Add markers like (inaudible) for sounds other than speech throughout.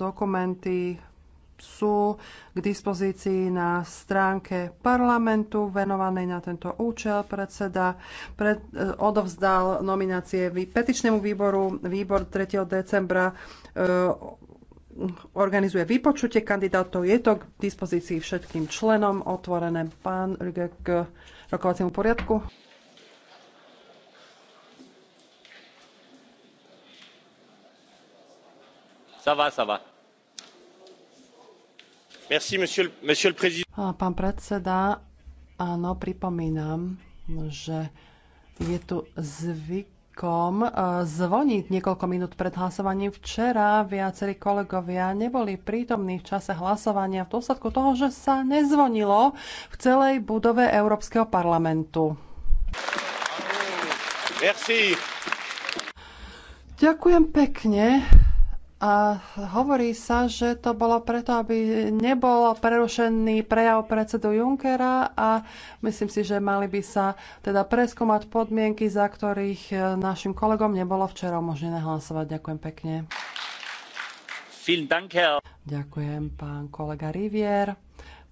Dokumenty sú k dispozícii na stránke parlamentu venovanej na tento účel. Predseda pred, eh, odovzdal nominácie petičnému výboru. Výbor 3. decembra eh, organizuje vypočutie kandidátov. Je to k dispozícii všetkým členom otvorené. Pán Rüge k rokovaciemu poriadku. Pán predseda, áno, pripomínam, že je tu zvykom e, zvoniť niekoľko minút pred hlasovaním. Včera viacerí kolegovia neboli prítomní v čase hlasovania v dôsledku toho, že sa nezvonilo v celej budove Európskeho parlamentu. Merci. Ďakujem pekne. A hovorí sa, že to bolo preto, aby nebol prerušený prejav predsedu Junckera a myslím si, že mali by sa teda preskúmať podmienky, za ktorých e, našim kolegom nebolo včera možné hlasovať. Ďakujem pekne. Ďakujem, pán kolega Rivier.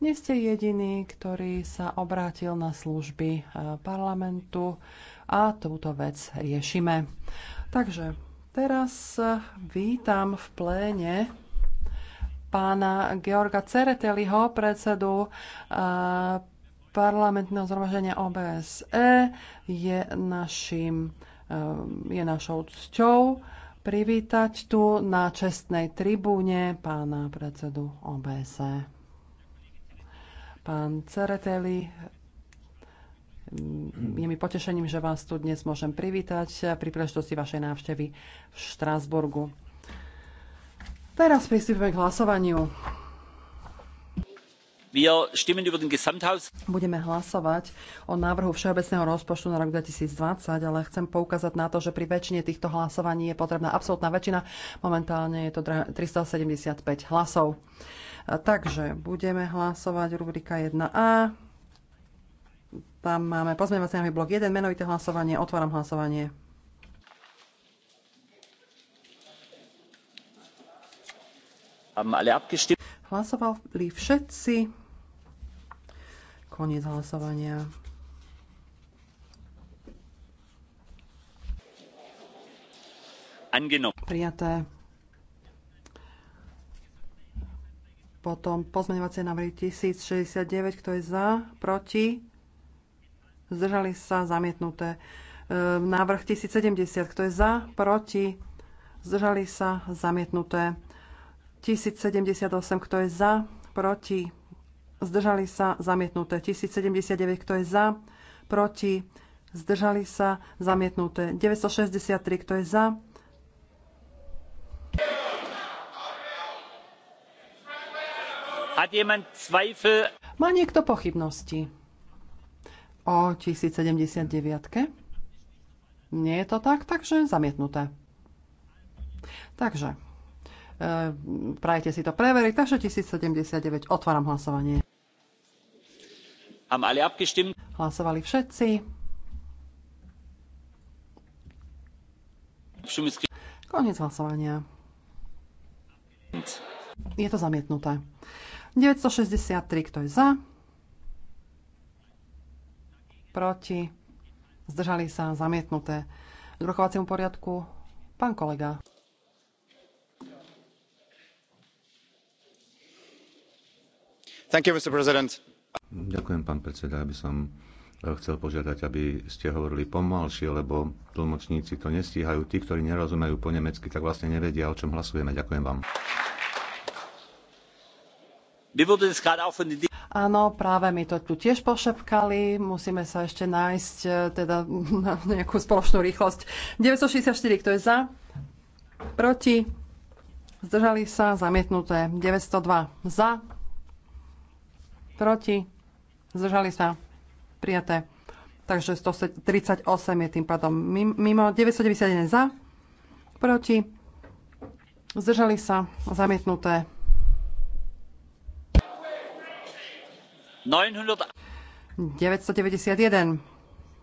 Nie ste jediný, ktorý sa obrátil na služby e, parlamentu a túto vec riešime. Takže Teraz vítam v pléne pána Georga Cereteliho, predsedu parlamentného zhromaždenia OBSE. Je, našim, e, je našou cťou privítať tu na čestnej tribúne pána predsedu OBSE. Pán Cereteli je mi potešením, že vás tu dnes môžem privítať pri príležitosti vašej návštevy v Štrásburgu. Teraz pristúpime k hlasovaniu. Budeme hlasovať o návrhu všeobecného rozpočtu na rok 2020, ale chcem poukázať na to, že pri väčšine týchto hlasovaní je potrebná absolútna väčšina. Momentálne je to 375 hlasov. Takže budeme hlasovať rubrika 1a. Tam máme pozmeňovací návrh blok 1, menovité hlasovanie, otváram hlasovanie. Hlasovali všetci. Koniec hlasovania. Prijaté. Potom pozmeňovacie návrhy 1069, kto je za, proti, zdržali sa, zamietnuté. E, návrh 1070, kto je za, proti, zdržali sa, zamietnuté. 1078, kto je za, proti, zdržali sa, zamietnuté. 1079, kto je za, proti, zdržali sa, zamietnuté. 963, kto je za, Má niekto pochybnosti? o 1079. Nie je to tak, takže zamietnuté. Takže, e, prajete si to preveriť, takže 1079, otváram hlasovanie. Hlasovali všetci. Koniec hlasovania. Je to zamietnuté. 963, kto je za? proti, zdržali sa, zamietnuté. K rokovaciemu poriadku pán kolega. Thank you, Mr. President. Ďakujem, pán predseda. aby som eh, chcel požiadať, aby ste hovorili pomalšie, lebo tlmočníci to nestíhajú. Tí, ktorí nerozumejú po nemecky, tak vlastne nevedia, o čom hlasujeme. Ďakujem vám. Áno, práve mi to tu tiež pošepkali. Musíme sa ešte nájsť e, teda (laughs) na nejakú spoločnú rýchlosť. 964, kto je za? Proti? Zdržali sa? Zamietnuté. 902 za? Proti? Zdržali sa? Prijaté. Takže 138 je tým pádom mimo. 991 za? Proti? Zdržali sa? Zamietnuté. 991.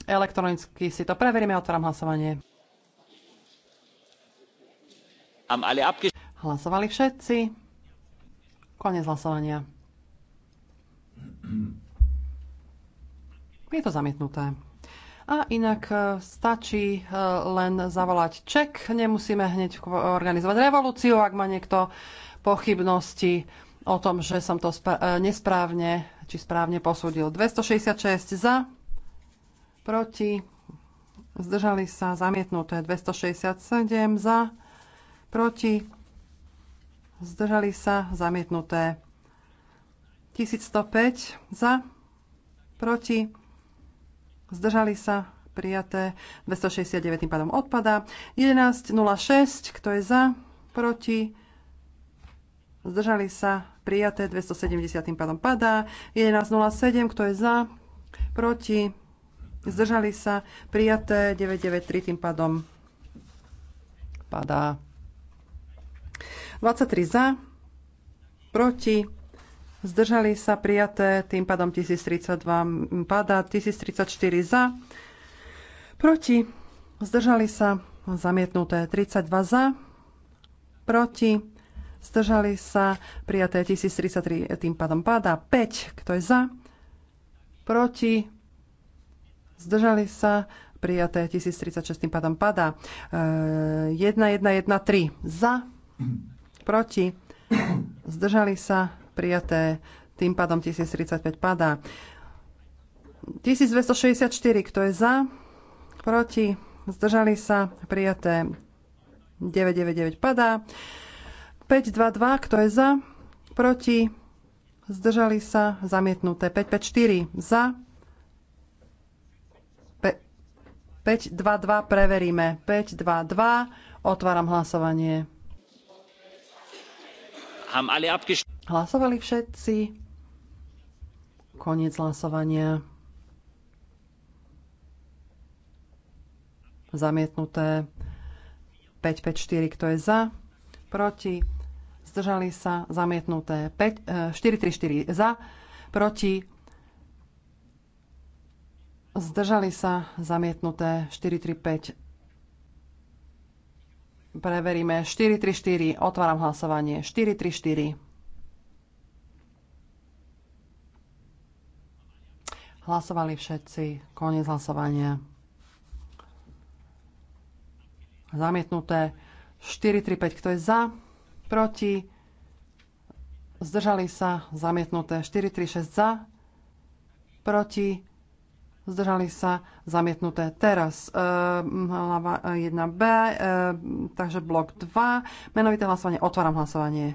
Elektronicky si to preveríme, otváram hlasovanie. Hlasovali všetci. Konec hlasovania. Je to zamietnuté. A inak e, stačí e, len zavolať ček, nemusíme hneď organizovať revolúciu, ak má niekto pochybnosti o tom, že som to e, nesprávne či správne posúdil. 266 za, proti, zdržali sa zamietnuté. 267 za, proti, zdržali sa zamietnuté. 1105 za, proti, zdržali sa prijaté. 269 tým pádom odpada. 1106, kto je za, proti, zdržali sa, prijaté 270 tým pádom padá, 1107, kto je za, proti, zdržali sa, prijaté 993 tým pádom padá. 23 za, proti, zdržali sa, prijaté tým pádom 1032 padá, 1034 za, proti, zdržali sa, zamietnuté 32 za, proti, zdržali sa, prijaté 1033, tým pádom padá 5, kto je za, proti, zdržali sa, prijaté 1036, tým pádom padá 1, 1, 1, 3, za, proti, zdržali sa, prijaté, tým pádom 1035 padá. 1264, kto je za, proti, zdržali sa, prijaté 999 padá. 5-2-2, kto je za? Proti? Zdržali sa? Zamietnuté. 5-5-4, za? 5-2-2, preveríme. 5-2-2, otváram hlasovanie. Hlasovali všetci. Koniec hlasovania. Zamietnuté. 5-5-4, kto je za? Proti? zdržali sa, zamietnuté 5, 4 e, za, proti, zdržali sa, zamietnuté 5. Preveríme 4, Otváram hlasovanie. 4. Hlasovali všetci. Koniec hlasovania. Zamietnuté. 4, 5, Kto je za? proti, zdržali sa, zamietnuté 436 za, proti, zdržali sa, zamietnuté teraz e, hlava 1b, e, e, takže blok 2, menovité hlasovanie, otváram hlasovanie.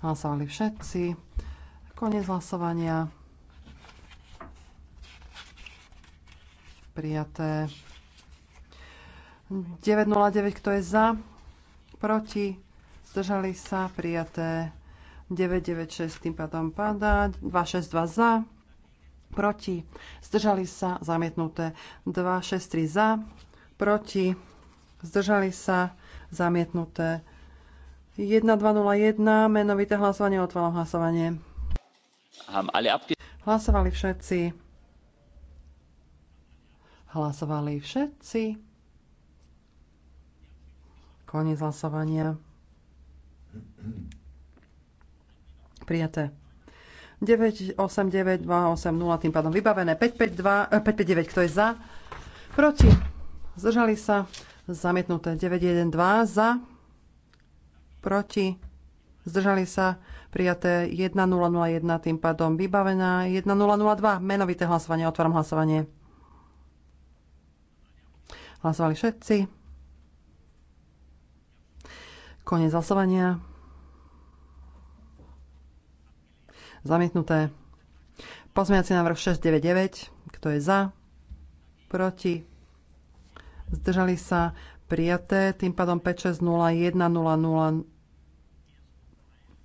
Hlasovali všetci. Konec hlasovania. Prijaté. 909, kto je za, proti, zdržali sa, prijaté 996, tým pádom padá, 262 za, proti, zdržali sa, zamietnuté 263 za, proti, zdržali sa, zamietnuté 1201, menovité hlasovanie, otváram hlasovanie. Hlasovali všetci. Hlasovali všetci. Koniec hlasovania. Prijaté. 9, 8, 9, 2, 8, 0, tým pádom vybavené. 559, eh, kto je za? Proti. Zdržali sa. Zamietnuté. 9, 2, za. Proti. Zdržali sa. Prijaté 1001, tým pádom vybavená 1002. Menovité hlasovanie. Otváram hlasovanie. Hlasovali všetci. Konec hlasovania. Zamietnuté. Pozmeňací návrh 699. Kto je za? Proti? Zdržali sa? Prijaté. Tým pádom 560100.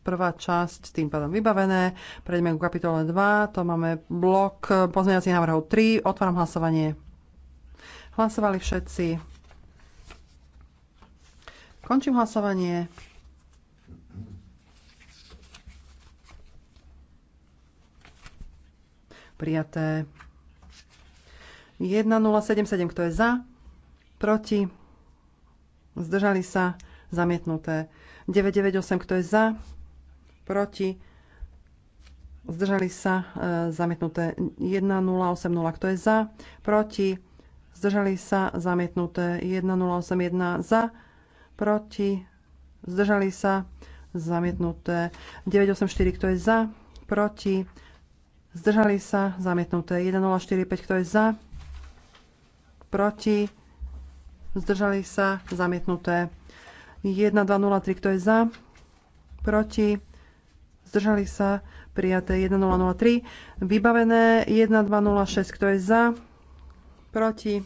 Prvá časť tým pádom vybavené. Prejdeme ku kapitole 2. To máme blok pozmeňacích návrhov 3. Otváram hlasovanie. Hlasovali všetci. Končím hlasovanie. Prijaté. 1077, kto je za? Proti? Zdržali sa? Zamietnuté. 998, e, kto je za? Proti? Zdržali sa? zamietnuté. 1080, kto je za? Proti? Zdržali sa? Zamietnuté. 1081 za? proti, zdržali sa, zamietnuté. 984, kto je za, proti, zdržali sa, zamietnuté. 1045, kto je za, proti, zdržali sa, zamietnuté. 1203, kto je za, proti, zdržali sa, prijaté 1003, vybavené 1206, kto je za, proti,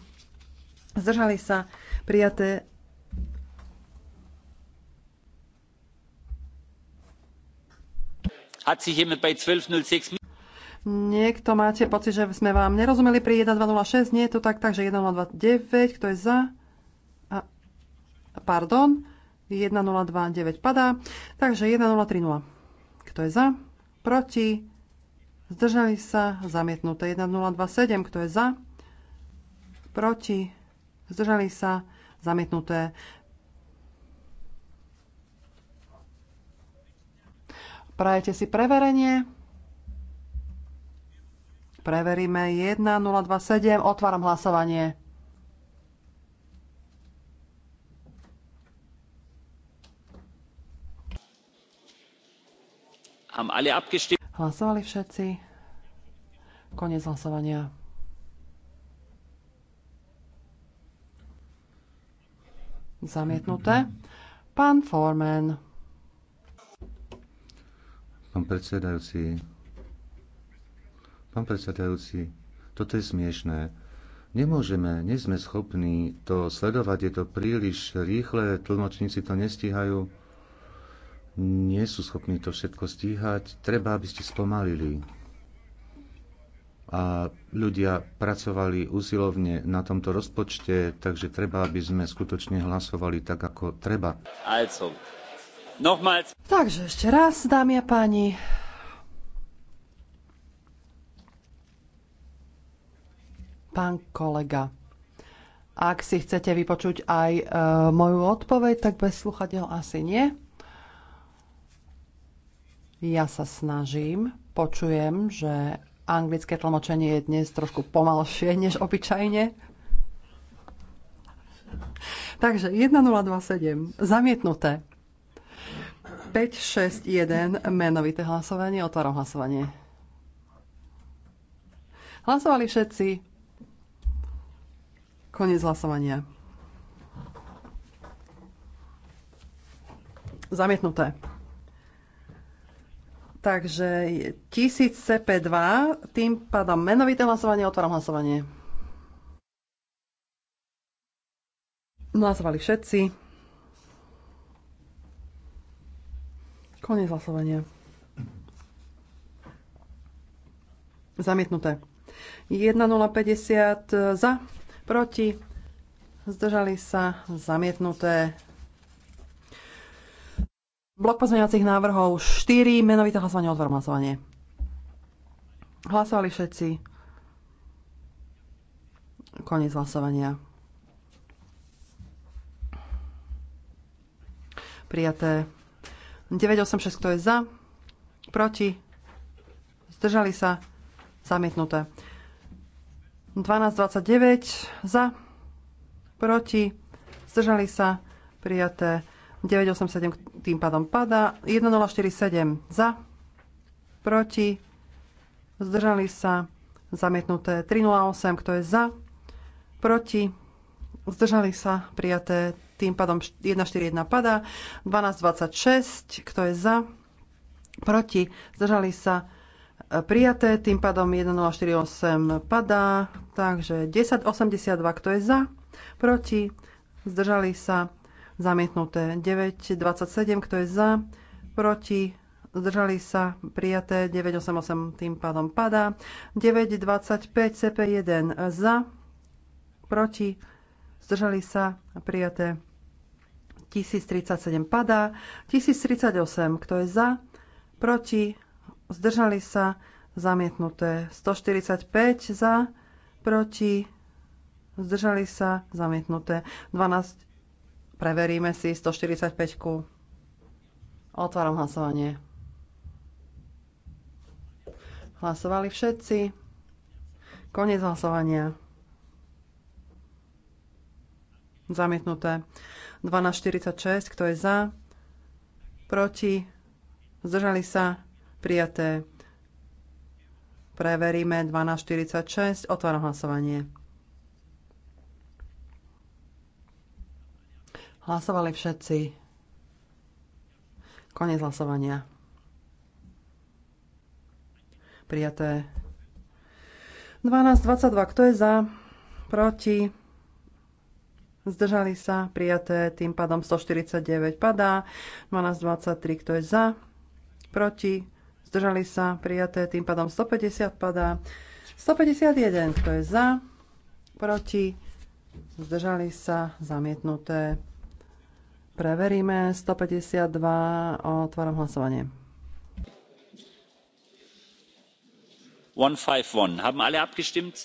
zdržali sa, prijaté Niekto máte pocit, že sme vám nerozumeli pri 1206, nie je to tak, takže 1029, kto je za? A, pardon, 1029 padá, takže 1030. Kto je za? Proti? Zdržali sa? Zamietnuté 1027, kto je za? Proti? Zdržali sa? Zamietnuté Prajete si preverenie? Preveríme 1027. Otváram hlasovanie. Hlasovali všetci. Konec hlasovania. Zamietnuté. Pán Forman. Pán predsedajúci, pán predsedajúci, toto je smiešné. Nemôžeme, nie sme schopní to sledovať, je to príliš rýchle, tlmočníci to nestíhajú, nie sú schopní to všetko stíhať, treba, aby ste spomalili. A ľudia pracovali usilovne na tomto rozpočte, takže treba, aby sme skutočne hlasovali tak, ako treba. Also, Takže ešte raz, dámy a páni. Pán kolega, ak si chcete vypočuť aj e, moju odpoveď, tak bez sluchadiel asi nie. Ja sa snažím, počujem, že anglické tlmočenie je dnes trošku pomalšie než obyčajne. Takže 1027, zamietnuté. 561 menovité hlasovanie. Otváram hlasovanie. Hlasovali všetci. Koniec hlasovania. Zamietnuté. Takže 1000 CP2, tým pádom menovité hlasovanie, otváram hlasovanie. Hlasovali všetci. Konec hlasovania. Zamietnuté. 1050 e, za, proti, zdržali sa, zamietnuté. Blok pozmeňovacích návrhov 4, menovité hlasovanie, otvorom hlasovanie. Hlasovali všetci. Koniec hlasovania. Prijaté 986, kto je za, proti, zdržali sa, zamietnuté. 1229 za, proti, zdržali sa, prijaté. 987 tým pádom padá. 1047 za, proti, zdržali sa, zamietnuté. 308, kto je za, proti, zdržali sa, prijaté tým pádom 141 padá. 1226, e, kto je za, proti, zdržali sa prijaté, tým pádom 1048 padá, takže 1082, kto je za, proti, zdržali sa zamietnuté 927, kto je za, proti, zdržali sa prijaté 988, tým pádom padá, 925 CP1 za, proti, zdržali sa prijaté 1037 padá, 1038, kto je za, proti, zdržali sa, zamietnuté. 145 za, proti, zdržali sa, zamietnuté. 12, preveríme si 145. -ku. Otváram hlasovanie. Hlasovali všetci. koniec hlasovania. Zamietnuté. 1246, kto je za, proti, zdržali sa, prijaté. Preveríme 1246, otváram hlasovanie. Hlasovali všetci. Konec hlasovania. Prijaté. 12.22. Kto je za? Proti? Zdržali sa, prijaté, tým pádom 149 padá. 1223, kto je za, proti, zdržali sa, prijaté, tým pádom 150 padá. 151, kto je za, proti, zdržali sa, zamietnuté. Preveríme 152, otváram hlasovanie. 151. Haben alle abgestimmt?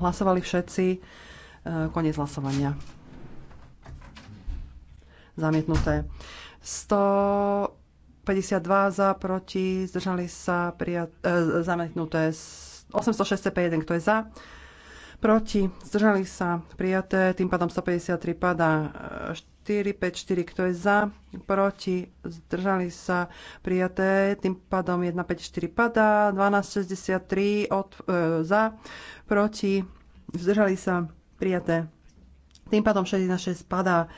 Hlasovali všetci. Eh, Konec hlasovania. Zamietnuté. 152 za, proti, zdržali sa, prijat, e, zamietnuté. 806 kto je za? Proti, zdržali sa, prijaté. Tým pádom 153 padá. 4, eh, kto je za, proti, zdržali sa, prijaté, tým pádom 154 padá, 1263 od, e, za, proti, zdržali sa, Prijaté. Tým pádom 6 spadá.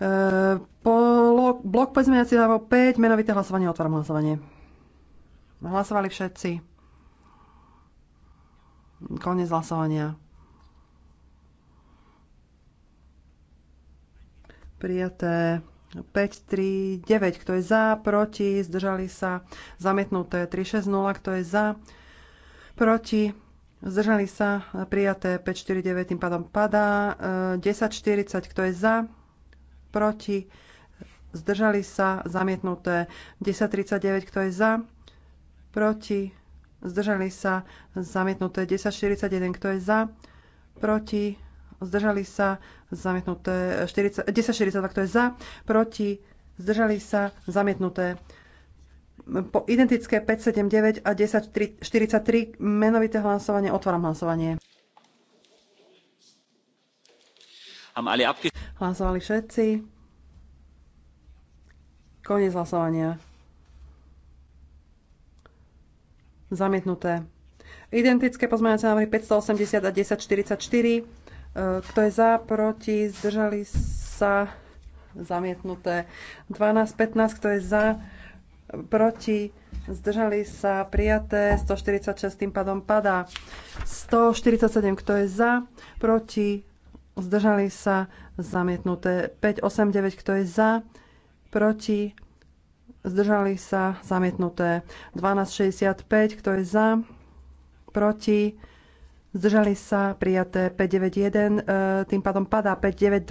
E, polo, blok pozmeňací dávo 5, menovité hlasovanie, otváram hlasovanie. Hlasovali všetci. Konec hlasovania. Prijaté 5, 3, 9. Kto je za, proti, zdržali sa. Zamietnuté 3, 6, 0. Kto je za, proti, Zdržali sa prijaté 549, tým pádom padá. 1040, eh, kto je za? Proti? Zdržali sa zamietnuté 1039, kto je za? Proti? Zdržali sa zamietnuté 1041, kto je za? Proti? Zdržali sa zamietnuté 40, 1042, kto je za? Proti? Zdržali sa zamietnuté po identické 579 a 1043 menovité hlasovanie. Otváram hlasovanie. Hlasovali všetci. Koniec hlasovania. Zamietnuté. Identické pozmeňovacie návrhy 580 a 1044. E, kto je za, proti, zdržali sa, zamietnuté. 12, 15, kto je za, proti, zdržali sa, prijaté, 146 tým pádom padá. 147, kto je za, proti, zdržali sa, zamietnuté. 589, kto je za, proti, zdržali sa, zamietnuté. 1265, kto je za, proti, zdržali sa, prijaté. 591, e, tým pádom padá. 592,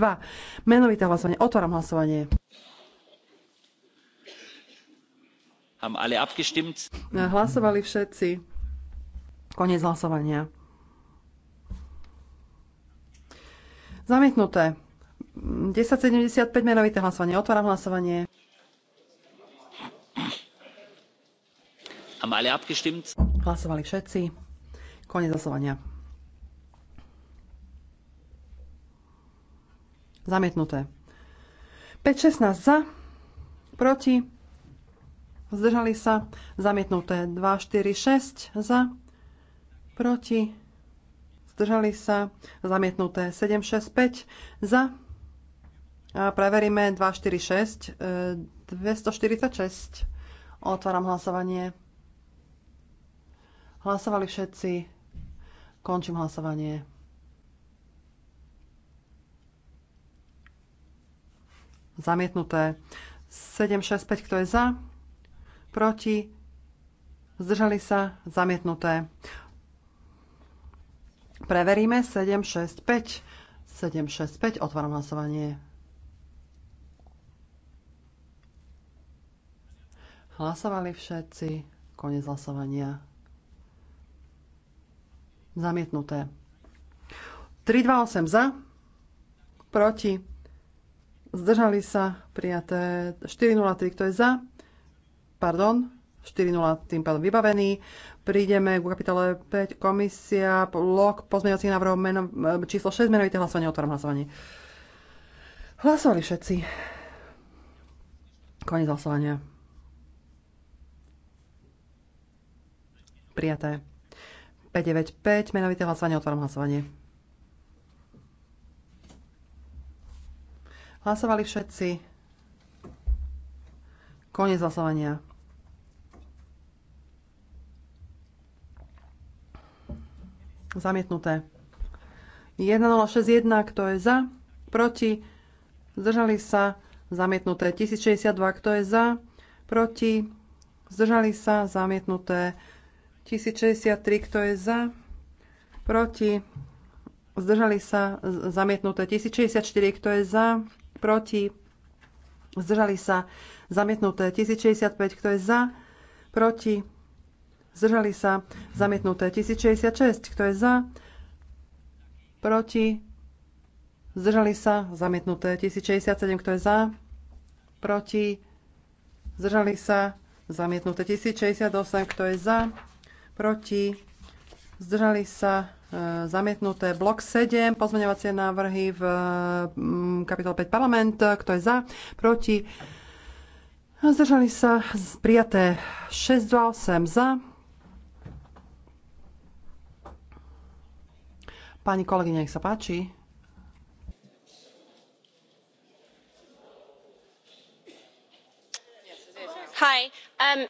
menovité hlasovanie, otváram hlasovanie. Haben alle abgestimmt? Hlasovali všetci. Koniec hlasovania. Zamietnuté. 1075 menovité hlasovanie. Otváram hlasovanie. Haben alle abgestimmt? Hlasovali všetci. Koniec hlasovania. Zamietnuté. 5.16 za, proti, zdržali sa, zamietnuté 2, 4, 6 za, proti, zdržali sa, zamietnuté 7, 6, 5 za. A preveríme 2, 4, 6, 246. Otváram hlasovanie. Hlasovali všetci. Končím hlasovanie. Zamietnuté. 7, 6, 5, kto je za? proti, zdržali sa, zamietnuté. Preveríme 765. 765, otváram hlasovanie. Hlasovali všetci, koniec hlasovania. Zamietnuté. 328 za, proti, zdržali sa, prijaté 403, kto je za, pardon, 4.0 tým pádom vybavený. Prídeme k kapitole 5, komisia, blok pozmeňovacích návrhov meno, e, číslo 6, menovité hlasovanie, otváram hlasovanie. Hlasovali všetci. Koniec hlasovania. Prijaté. 595, menovité hlasovanie, otváram hlasovanie. Hlasovali všetci. Koniec hlasovania. Zamietnuté. 1061, kto je za? Proti? Zdržali sa? Zamietnuté. 1062, kto je za? Proti? Zdržali sa? Zamietnuté. 1063, kto je za? Proti? Zdržali sa? Zamietnuté. 1064, kto je za? Proti? Zdržali sa? Zamietnuté. 1065, kto je za? Proti? zdržali sa, zamietnuté 1066, kto je za, proti, zdržali sa, zamietnuté 1067, kto je za, proti, zdržali sa, zamietnuté 1068, kto je za, proti, zdržali sa, e, zamietnuté blok 7, pozmeňovacie návrhy v mm, kapitol 5 parlament, kto je za, proti, zdržali sa, prijaté 628 za, Pani kolegyňa, nech sa páči. Hi, um...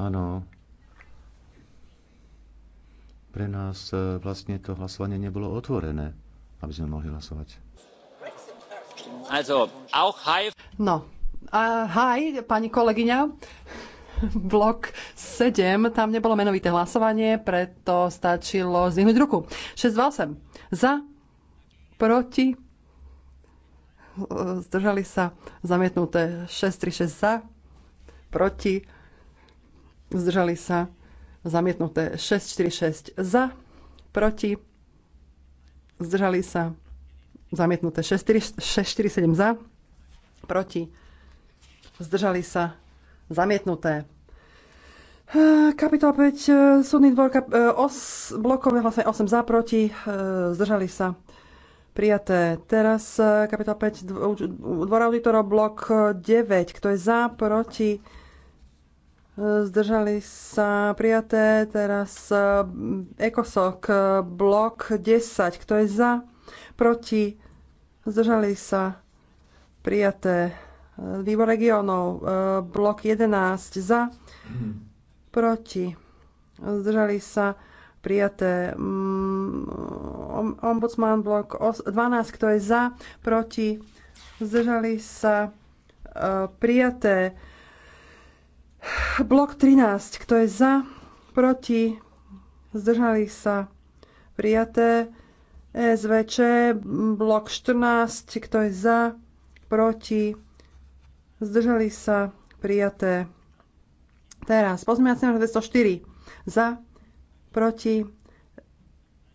Áno. Pre nás e, vlastne to hlasovanie nebolo otvorené, aby sme mohli hlasovať. Also, auch hi... No, uh, hi, pani kolegyňa. (laughs) blok 7, tam nebolo menovité hlasovanie, preto stačilo zvihnúť ruku. 628 za, proti, zdržali sa zamietnuté 636 za, proti, zdržali sa zamietnuté 646 za, proti, zdržali sa zamietnuté 647 za, proti, zdržali sa Zamietnuté. Kapitola 5, e, súdny dvor, kap, e, os, blokové hlasenie 8 za, proti, e, zdržali sa. Prijaté. Teraz kapitola 5, dvor auditorov, blok 9. Kto je za, proti, zdržali sa. Prijaté. Teraz ekosok, blok 10. Kto je za, proti, zdržali sa. Prijaté Výbor regionov, e, blok 11 za, proti, zdržali sa prijaté. Mm, ombudsman blok 12, e, kto je za, proti, zdržali sa prijaté. E blok 13, kto je za, proti, zdržali sa prijaté. SVČ, blok 14, kto je za, proti, zdržali sa prijaté. Teraz pozmeňovací návrh 204 za, proti,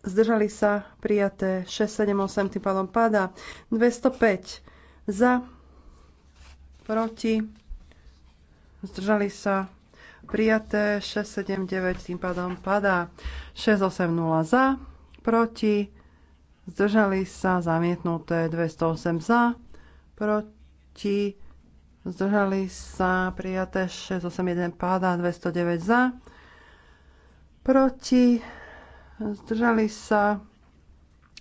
zdržali sa prijaté 6, 7, 8, tým pádom páda. 205 za, proti, zdržali sa prijaté 6, 7, 9, tým pádom padá 6, 8, 0 za, proti, zdržali sa zamietnuté 208 za, proti, Zdržali sa prijaté 681 páda 209 za. Proti. Zdržali sa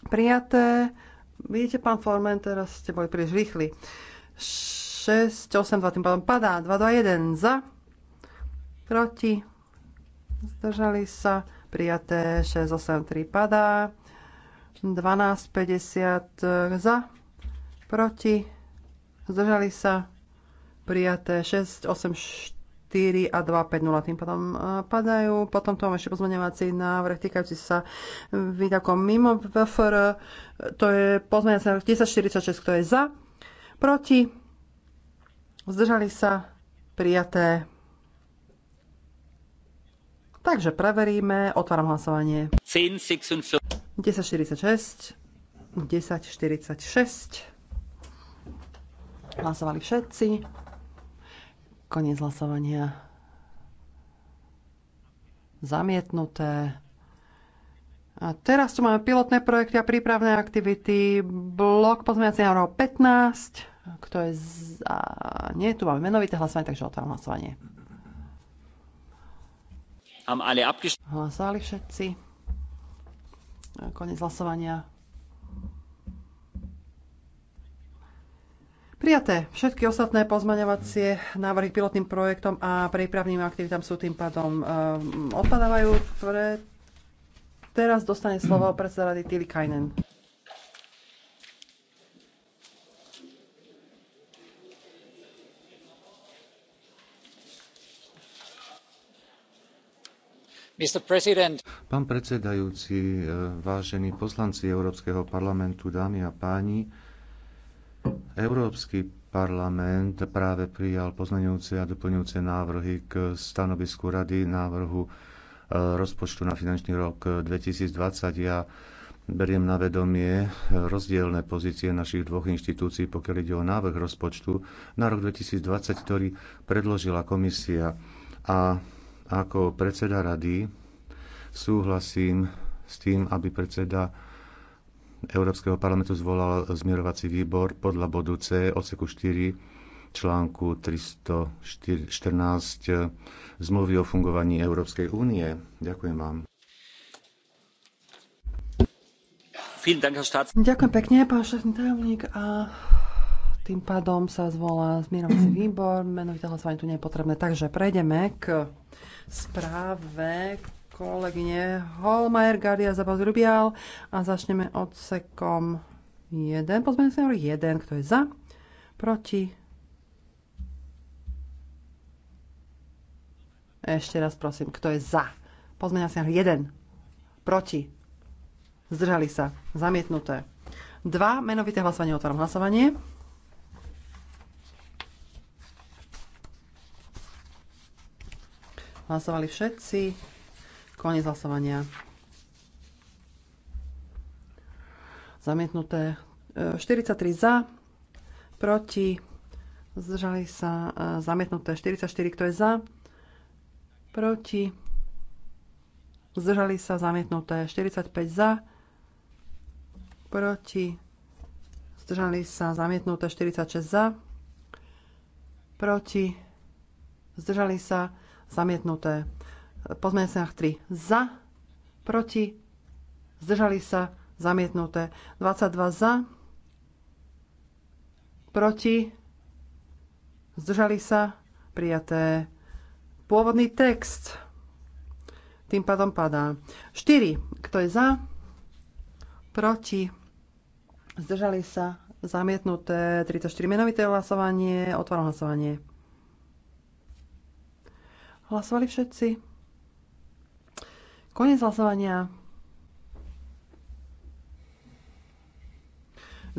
prijaté. Vidíte, pán Formen, teraz ste boli príliš rýchli. 6, 8, 2 tým pádom padá. 2, 2, 1 za. Proti. Zdržali sa prijaté. 6, 8, 3 padá. 12, 50 za. Proti. Zdržali sa prijaté 6, 8, 4 a 250 tým potom e, padajú. Potom tu máme ešte pozmeňovací návrh týkajúci sa výdavkom mimo VFR. To je pozmeňovací návrh 1046, kto je za, proti, zdržali sa, prijaté. Takže preveríme, otváram hlasovanie. 1046. 1046. Hlasovali všetci. Koniec hlasovania. Zamietnuté. A teraz tu máme pilotné projekty a prípravné aktivity. Blok pozmeňacej návrh 15. Kto je za... Nie, tu máme menovité hlasovanie, takže otváram hlasovanie. Hlasovali všetci. Koniec hlasovania. Prijaté. Všetky ostatné pozmaňovacie návrhy k pilotným projektom a prípravným aktivitám sú tým pádom uh, odpadávajú. Pre... Teraz dostane slovo predseda rady Tilly Kainen. Pán predsedajúci, eh, vážení poslanci Európskeho parlamentu, dámy a páni, Európsky parlament práve prijal pozmeňujúce a doplňujúce návrhy k stanovisku Rady návrhu e, rozpočtu na finančný rok 2020. Ja beriem na vedomie rozdielne pozície našich dvoch inštitúcií, pokiaľ ide o návrh rozpočtu na rok 2020, ktorý predložila komisia. A ako predseda rady súhlasím s tým, aby predseda Európskeho parlamentu zvolal zmierovací výbor podľa bodu C odseku 4 článku 314 zmluvy o fungovaní Európskej únie. Ďakujem vám. Ďakujem pekne, pán štátny tajomník. A tým pádom sa zvolá zmierovací výbor. Menovité hlasovanie tu nie je potrebné. Takže prejdeme k správe, kolegyne Holmajer, Gardia Zabaz Rubial a začneme odsekom 1. Pozmeňujem návrh 1, kto je za, proti. Ešte raz prosím, kto je za? Pozmeňujem návrh 1, proti. Zdržali sa, zamietnuté. 2. Menovité hlasovanie, otváram hlasovanie. Hlasovali všetci. Koniec hlasovania. Zamietnuté. 43 e, za, proti, zdržali sa e, zamietnuté 44, kto je za, proti, zdržali sa zamietnuté 45 za, proti, zdržali sa zamietnuté 46 za, proti, zdržali sa zamietnuté sa na 3 za, proti, zdržali sa, zamietnuté. 22 za, proti, zdržali sa, prijaté. Pôvodný text tým pádom padá. 4. Kto je za? Proti. Zdržali sa. Zamietnuté. 34. Menovité hlasovanie. Otváram hlasovanie. Hlasovali všetci? Konec hlasovania.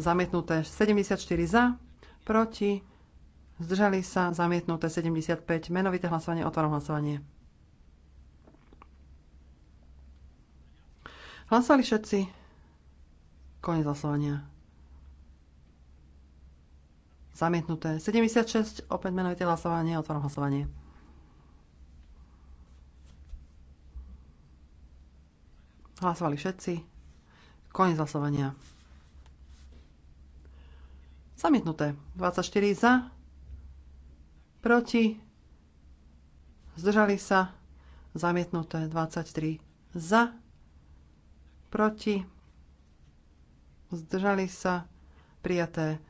Zamietnuté 74 za, proti, zdržali sa, zamietnuté 75. Menovité hlasovanie, otváram hlasovanie. Hlasovali všetci. Konec hlasovania. Zamietnuté 76, opäť menovité hlasovanie, otváram hlasovanie. Hlasovali všetci. Koniec hlasovania. Zamietnuté. 24 za. Proti. Zdržali sa. Zamietnuté. 23 za. Proti. Zdržali sa. Prijaté.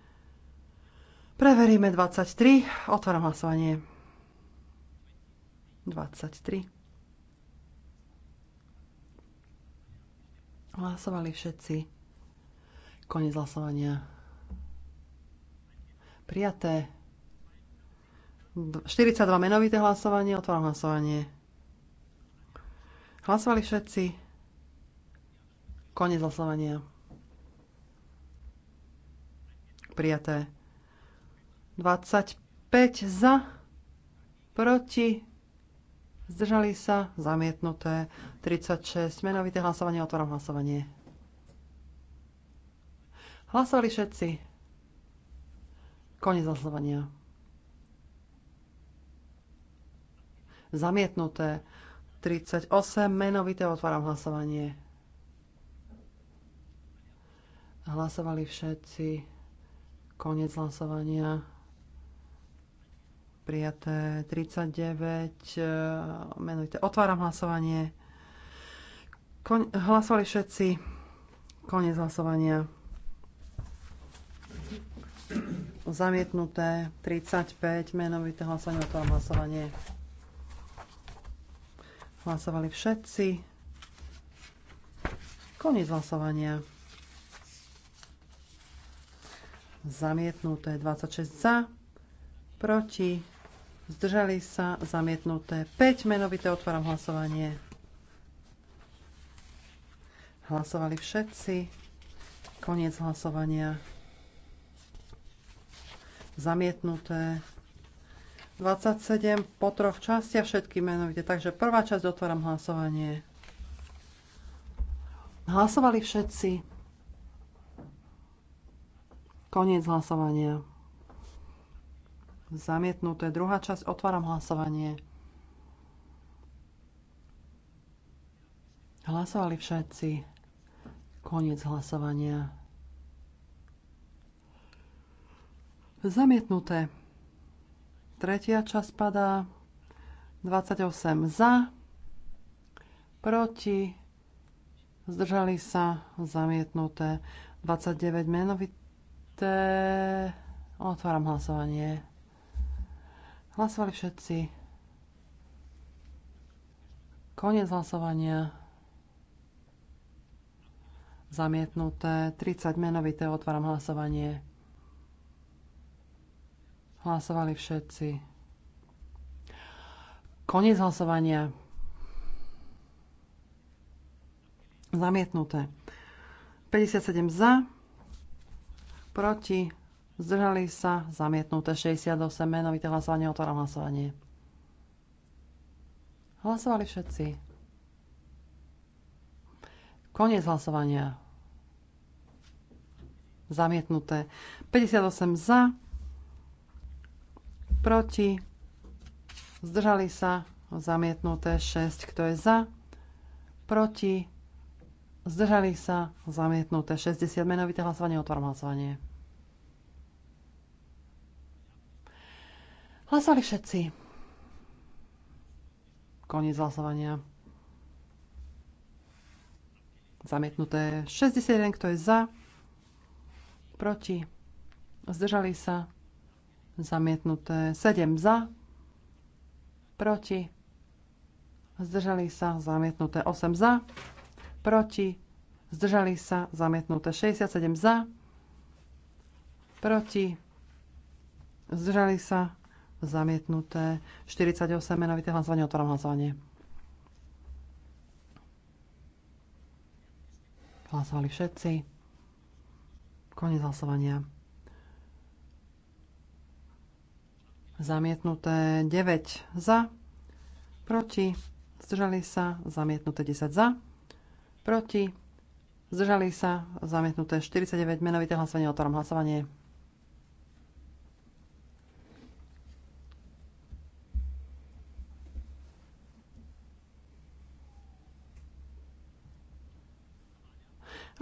Preveríme 23. Otváram hlasovanie. 23. Hlasovali všetci. Konec hlasovania. Prijaté. 42 menovité hlasovanie. Otváram hlasovanie. Hlasovali všetci. Koniec hlasovania. Prijaté. 25 za, proti Zdržali sa? Zamietnuté. 36. Menovité hlasovanie. Otváram hlasovanie. Hlasovali všetci. Konec hlasovania. Zamietnuté. 38. Menovité otváram hlasovanie. Hlasovali všetci. Konec hlasovania prijaté 39, e, menujte. Otváram hlasovanie. Kon- hlasovali všetci. koniec hlasovania. Zamietnuté 35, menovité hlasovanie, otváram hlasovanie. Hlasovali všetci. Koniec hlasovania. Zamietnuté 26 za, proti Zdržali sa zamietnuté. 5 menovité otváram hlasovanie. Hlasovali všetci. Koniec hlasovania. Zamietnuté. 27 po troch častiach všetky menovite. Takže prvá časť otváram hlasovanie. Hlasovali všetci. Koniec hlasovania. Zamietnuté. Druhá časť. Otváram hlasovanie. Hlasovali všetci. Koniec hlasovania. Zamietnuté. Tretia časť padá. 28 za. Proti. Zdržali sa. Zamietnuté. 29 menovité. Otváram hlasovanie. Hlasovali všetci. Koniec hlasovania. Zamietnuté. 30 menovité. Otváram hlasovanie. Hlasovali všetci. Koniec hlasovania. Zamietnuté. 57 za, proti Zdržali sa zamietnuté 68 menovité hlasovanie. Otváram hlasovanie. Hlasovali všetci. Koniec hlasovania. Zamietnuté. 58 za. Proti. Zdržali sa. Zamietnuté 6. Kto je za? Proti. Zdržali sa. Zamietnuté 60. Menovité hlasovanie. Otváram hlasovanie. Hlasovali všetci. Koniec hlasovania. Zamietnuté 61, kto je za, proti, zdržali sa, zamietnuté 7 za, proti, zdržali sa, zamietnuté 8 za, proti, zdržali sa, zamietnuté 67 za, proti, zdržali sa, zamietnuté. 48 menovité hlasovanie, otváram hlasovanie. Hlasovali všetci. Koniec hlasovania. Zamietnuté 9 za, proti, zdržali sa, zamietnuté 10 za, proti, zdržali sa, zamietnuté 49 menovité hlasovanie, otváram hlasovanie.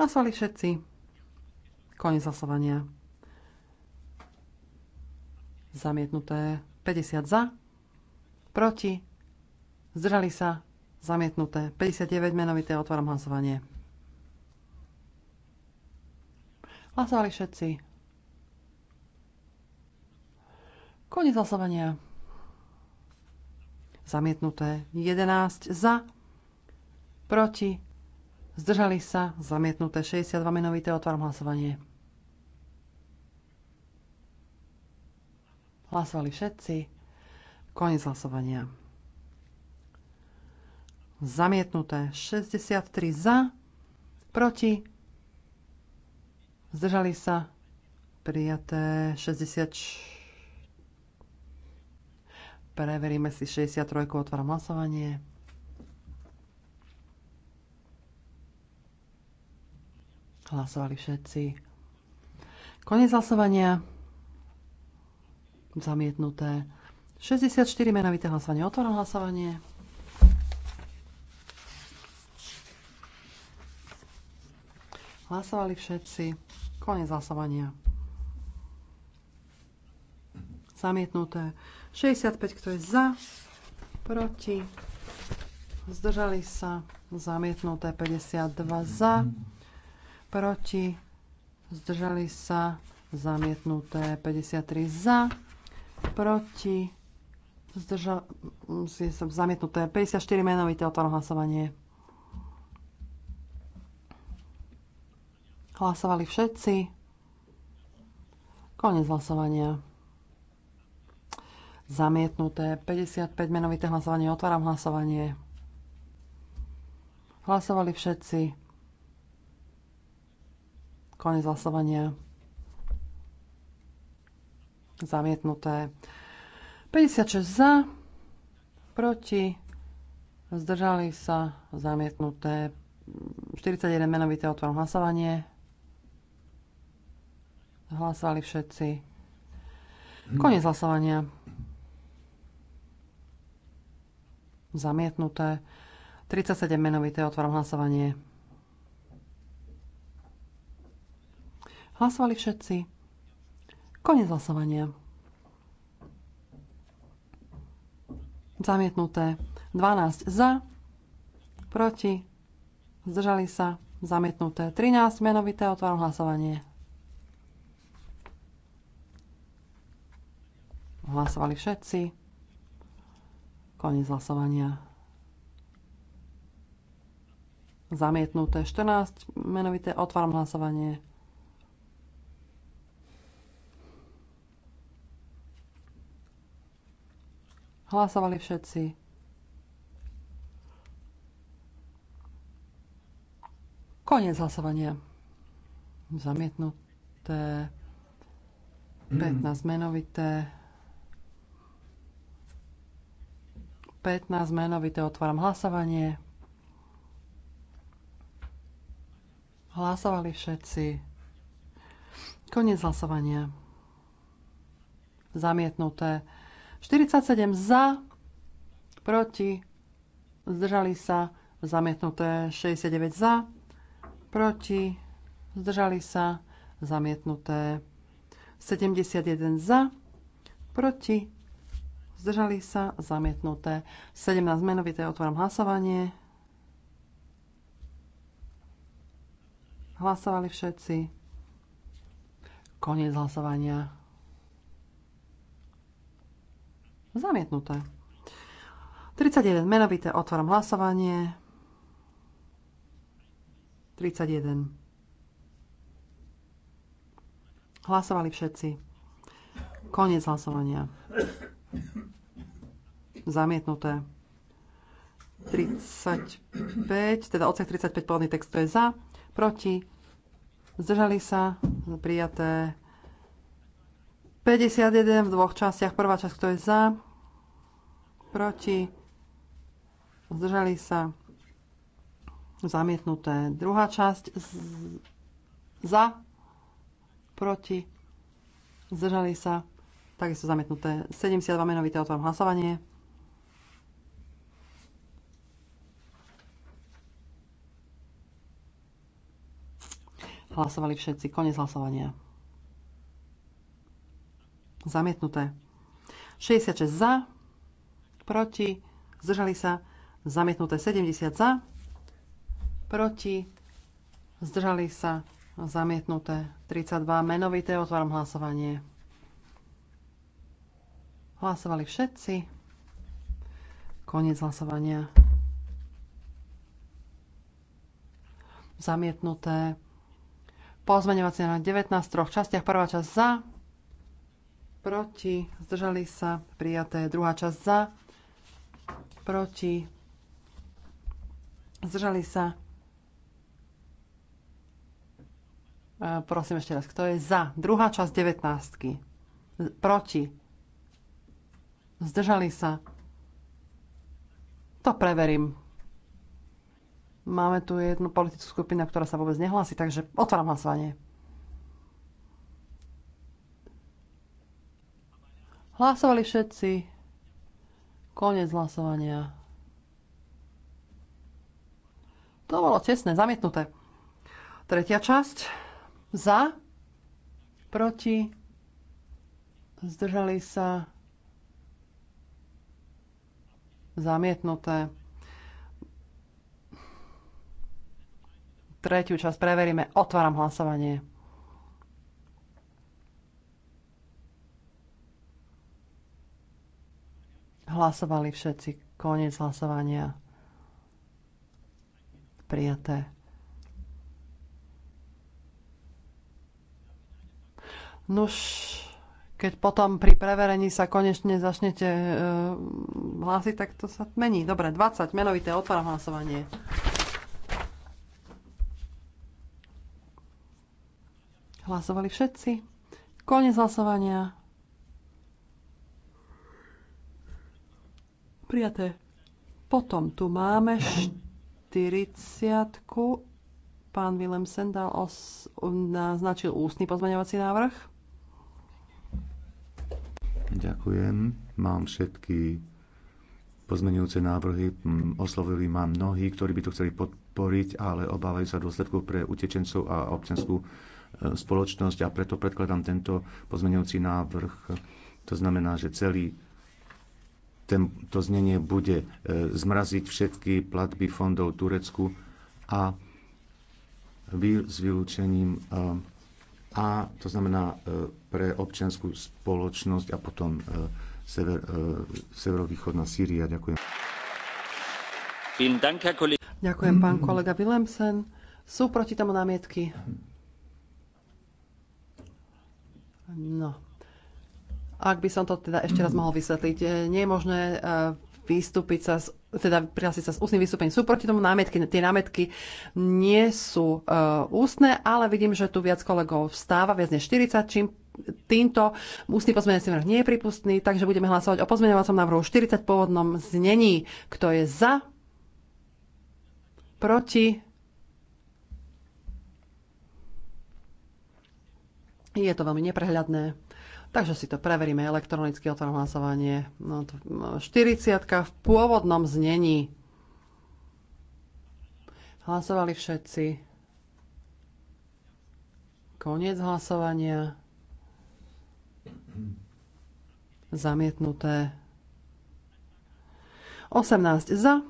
Hlasovali všetci. Koniec hlasovania. Zamietnuté 50 za, proti, zdržali sa, zamietnuté 59 menovité, otváram hlasovanie. Hlasovali všetci. Koniec hlasovania. Zamietnuté 11 za, proti, Zdržali sa. Zamietnuté 62 menovité. Otváram hlasovanie. Hlasovali všetci. Koniec hlasovania. Zamietnuté 63 za, proti, zdržali sa, prijaté 60. Preveríme si 63. Otváram hlasovanie. Hlasovali všetci. Konec hlasovania. Zamietnuté. 64 menovité hlasovanie. Otvorom hlasovanie. Hlasovali všetci. Konec hlasovania. Zamietnuté. 65, kto je za, proti, zdržali sa, zamietnuté 52 za, proti, zdržali sa, zamietnuté 53 za, proti, zdržali sa, zamietnuté 54 menovité, otváram hlasovanie. Hlasovali všetci. Konec hlasovania. Zamietnuté 55 menovité hlasovanie, otváram hlasovanie. Hlasovali všetci. Konec hlasovania. Zamietnuté. 56 za, proti, zdržali sa, zamietnuté. 41 menovité otvorom hlasovanie. Hlasovali všetci. Konec hlasovania. Zamietnuté. 37 menovité otvorom hlasovanie. Hlasovali všetci. Konec hlasovania. Zamietnuté. 12 za, proti, zdržali sa, zamietnuté. 13 menovité, otváram hlasovanie. Hlasovali všetci. Koniec hlasovania. Zamietnuté 14, menovité otváram hlasovanie. Hlasovali všetci. Koniec hlasovania. Zamietnuté. 15 mm. menovité. 15 menovité. Otváram hlasovanie. Hlasovali všetci. Koniec hlasovania. Zamietnuté. 47 za, proti, zdržali sa, zamietnuté 69 za, proti, zdržali sa, zamietnuté 71 za, proti, zdržali sa, zamietnuté 17 menovité, otváram hlasovanie. Hlasovali všetci. Koniec hlasovania. Zamietnuté. 31 menovité, otvorím hlasovanie. 31. Hlasovali všetci. Koniec hlasovania. Zamietnuté. 35, teda odsek 35, pôvodný text, to je za, proti, zdržali sa, prijaté 51 v dvoch častiach. Prvá časť, kto je za, proti, zdržali sa, zamietnuté. Druhá časť, z, za, proti, zdržali sa, takisto zamietnuté. 72 menovité, otváram hlasovanie. Hlasovali všetci. Konec hlasovania. Zamietnuté. 66 za, proti, zdržali sa, zamietnuté 70 za, proti, zdržali sa, zamietnuté 32 menovité, otváram hlasovanie. Hlasovali všetci. Koniec hlasovania. Zamietnuté. Pozmeňovacie na 19 v troch častiach. Prvá časť za, proti, zdržali sa, prijaté. Druhá časť za, proti, zdržali sa. E, prosím ešte raz, kto je za? Druhá časť 19. Proti. Zdržali sa. To preverím. Máme tu jednu politickú skupinu, ktorá sa vôbec nehlási, takže otváram hlasovanie. Hlasovali všetci. Konec hlasovania. To bolo tesné, zamietnuté. Tretia časť. Za, proti, zdržali sa, zamietnuté. Tretiu časť preveríme. Otváram hlasovanie. Hlasovali všetci. Koniec hlasovania. Prijaté. Nuž, keď potom pri preverení sa konečne začnete e, hlásiť, tak to sa mení. Dobre, 20, menovité, otvára hlasovanie. Hlasovali všetci. Koniec hlasovania. Prijaté. Potom tu máme 40. Pán Willem Sendal os, naznačil ústny pozmeňovací návrh. Ďakujem. Mám všetky pozmenujúce návrhy. Mm, oslovili ma mnohí, ktorí by to chceli podporiť, ale obávajú sa dôsledkov pre utečencov a občianskú e, spoločnosť a preto predkladám tento pozmenujúci návrh. To znamená, že celý to znenie bude e, zmraziť všetky platby fondov Turecku a s vylúčením e, a to znamená e, pre občianskú spoločnosť a potom sever, severovýchodná Sýria. Ďakujem. Ďakujem, pán kolega Willemsen. Sú proti tomu námietky? No, ak by som to teda ešte raz mohol vysvetliť, eh, nie je možné eh, vystúpiť sa z teda prihlásiť sa s ústnym vystúpením. Sú proti tomu námetky, Tie námetky nie sú eh, ústne, ale vidím, že tu viac kolegov vstáva, viac než 40, čím týmto ústny pozmeňovací návrh nie je prípustný, takže budeme hlasovať o pozmeňovacom návrhu 40 pôvodnom znení. Kto je za? Proti? Je to veľmi neprehľadné. Takže si to preveríme elektronicky, tom hlasovanie. No, 40 no, v pôvodnom znení. Hlasovali všetci. Koniec hlasovania. Zamietnuté. 18 za,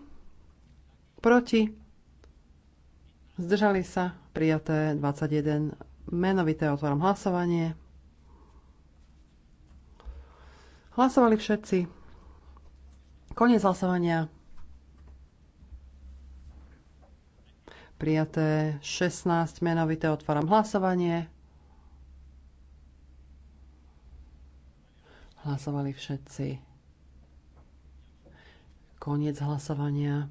proti, zdržali sa, prijaté 21. Menovité otváram hlasovanie. Hlasovali všetci. Koniec hlasovania. Prijaté 16 menovité. Otváram hlasovanie. Hlasovali všetci. Koniec hlasovania.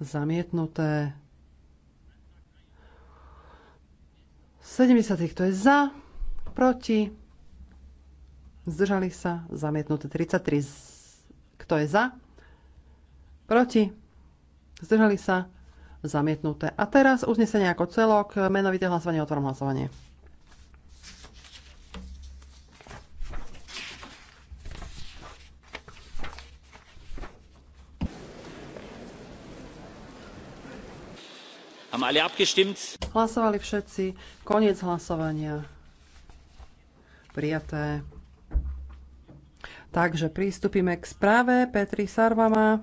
Zamietnuté. 70 kto je za, proti, zdržali sa, zamietnuté 33, kto je za, proti, zdržali sa, zamietnuté. A teraz uznesenie ako celok, menovité hlasovanie, otvorom hlasovanie. Hlasovali všetci. Koniec hlasovania prijaté. Takže prístupíme k správe Petri Sarvama.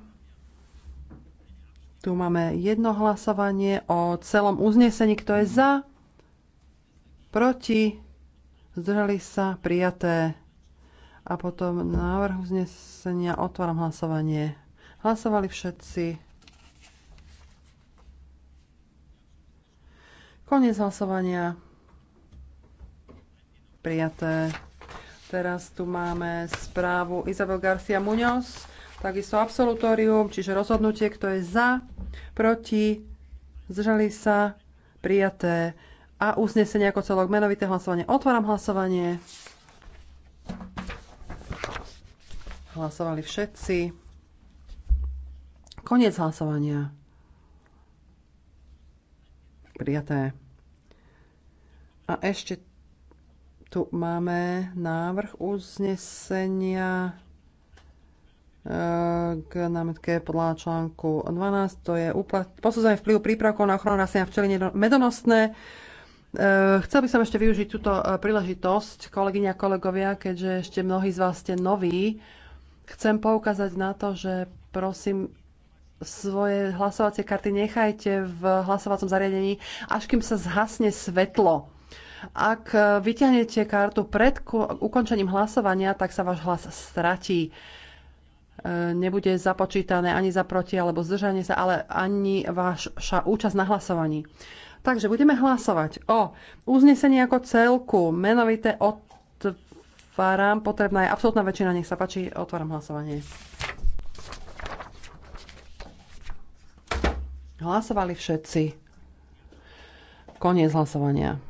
Tu máme jedno hlasovanie o celom uznesení, kto je za, proti, zdržali sa, prijaté. A potom návrh uznesenia, otváram hlasovanie. Hlasovali všetci. Koniec hlasovania prijaté. Teraz tu máme správu Izabel Garcia Muñoz, takisto absolutórium, čiže rozhodnutie, kto je za, proti, zdržali sa, prijaté a uznesenie ako celok menovité hlasovanie. Otváram hlasovanie. Hlasovali všetci. Koniec hlasovania. Prijaté. A ešte tu máme návrh uznesenia eh, k námetke podľa článku 12. To je uplat- posudzenie vplyvu prípravkov na ochranu rastlina včely medonosné. Eh, chcel by som ešte využiť túto eh, príležitosť, kolegyňa a kolegovia, keďže ešte mnohí z vás ste noví. Chcem poukázať na to, že prosím svoje hlasovacie karty nechajte v hlasovacom zariadení, až kým sa zhasne svetlo ak eh, vyťahnete kartu pred ukončením hlasovania, tak sa váš hlas stratí. Eh, nebude započítané ani za proti alebo zdržanie sa, ale ani vaša účasť na hlasovaní. Takže budeme hlasovať o uznesení ako celku. Menovité otváram. Potrebná je absolútna väčšina. Nech sa páči, otváram hlasovanie. Hlasovali všetci. Koniec hlasovania.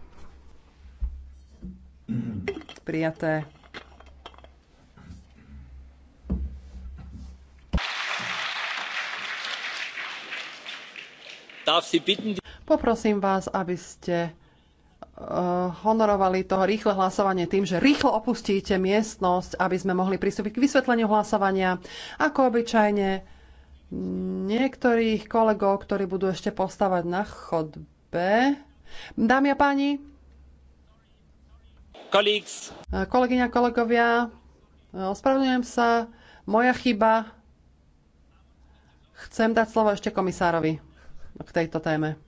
Prijaté. Poprosím vás, aby ste eh, honorovali toho rýchle hlasovanie tým, že rýchlo opustíte miestnosť, aby sme mohli pristúpiť k vysvetleniu hlasovania. Ako obyčajne, niektorých kolegov, ktorí budú ešte postavať na chodbe. Dámy a páni, colleagues. Eh, kolegyňa, kolegovia, eh, ospravedlňujem sa. Moja chyba. Chcem dať slovo ešte komisárovi k tejto téme.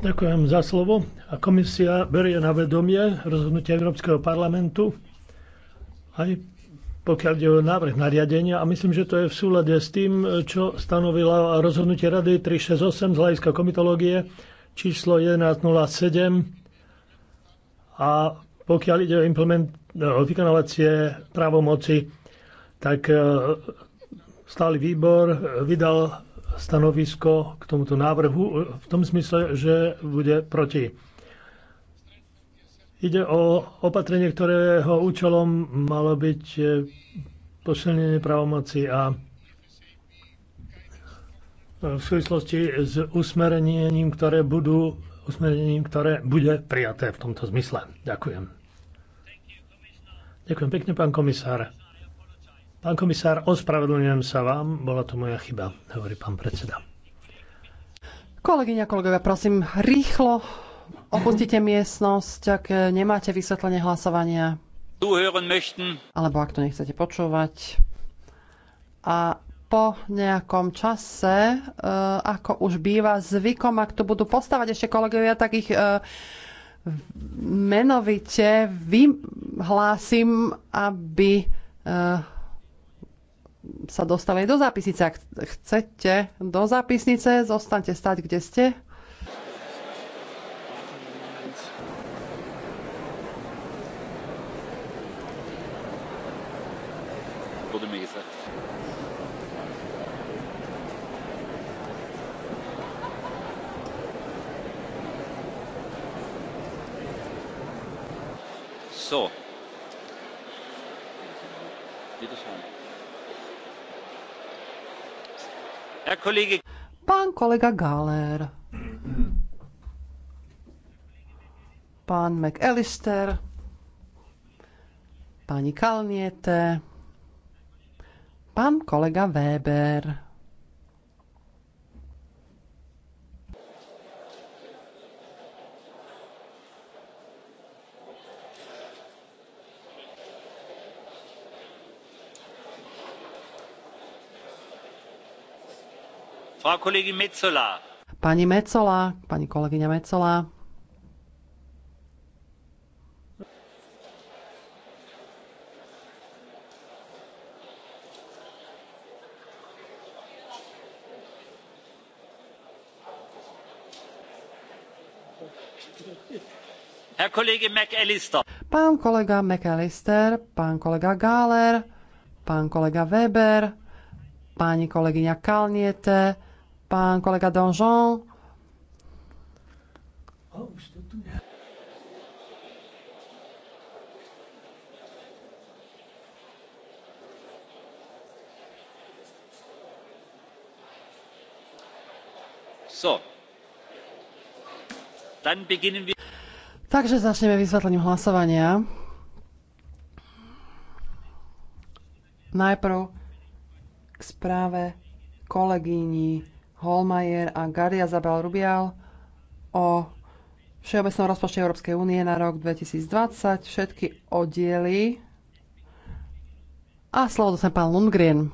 Ďakujem za slovo. A komisia berie na vedomie rozhodnutie Európskeho parlamentu aj pokiaľ ide o návrh nariadenia a myslím, že to je v súlade s tým, čo stanovila rozhodnutie Rady 368 z hľadiska komitológie číslo 1107 a pokiaľ ide o implement, o vykonávacie právomoci, tak e, stály výbor vydal stanovisko k tomuto návrhu e, v tom smysle, že bude proti. Ide o opatrenie, ktorého účelom malo byť e, posilnenie právomoci a v súvislosti s usmerením, ktoré budú usmernením, ktoré bude prijaté v tomto zmysle. Ďakujem. Ďakujem pekne, pán komisár. Pán komisár, ospravedlňujem sa vám, bola to moja chyba, hovorí pán predseda. Kolegyňa, kolegovia, prosím, rýchlo opustite miestnosť, ak nemáte vysvetlenie hlasovania. Alebo ak to nechcete počúvať. A po nejakom čase, eh, ako už býva zvykom, ak tu budú postavať ešte kolegovia, tak ich eh, menovite vyhlásim, aby eh, sa dostali do zápisnice. Ak chcete do zápisnice, zostaňte stať, kde ste. Pán kolega Galer. Pán McAllister. Pani Kalniete. Pán kolega Weber. Pani Mecola, pani kolegyňa Mecola. Pán kolega McAllister, pán kolega Gáler, pán kolega Weber, páni kolegyňa Kalniete, Pán kolega Donžon. So. Takže začneme vysvetlením hlasovania. Najprv k správe kolegyni Holmajer a Garia Zabal Rubial o Všeobecnom rozpočte Európskej únie na rok 2020, všetky oddiely. A slovo dostane pán Lundgren.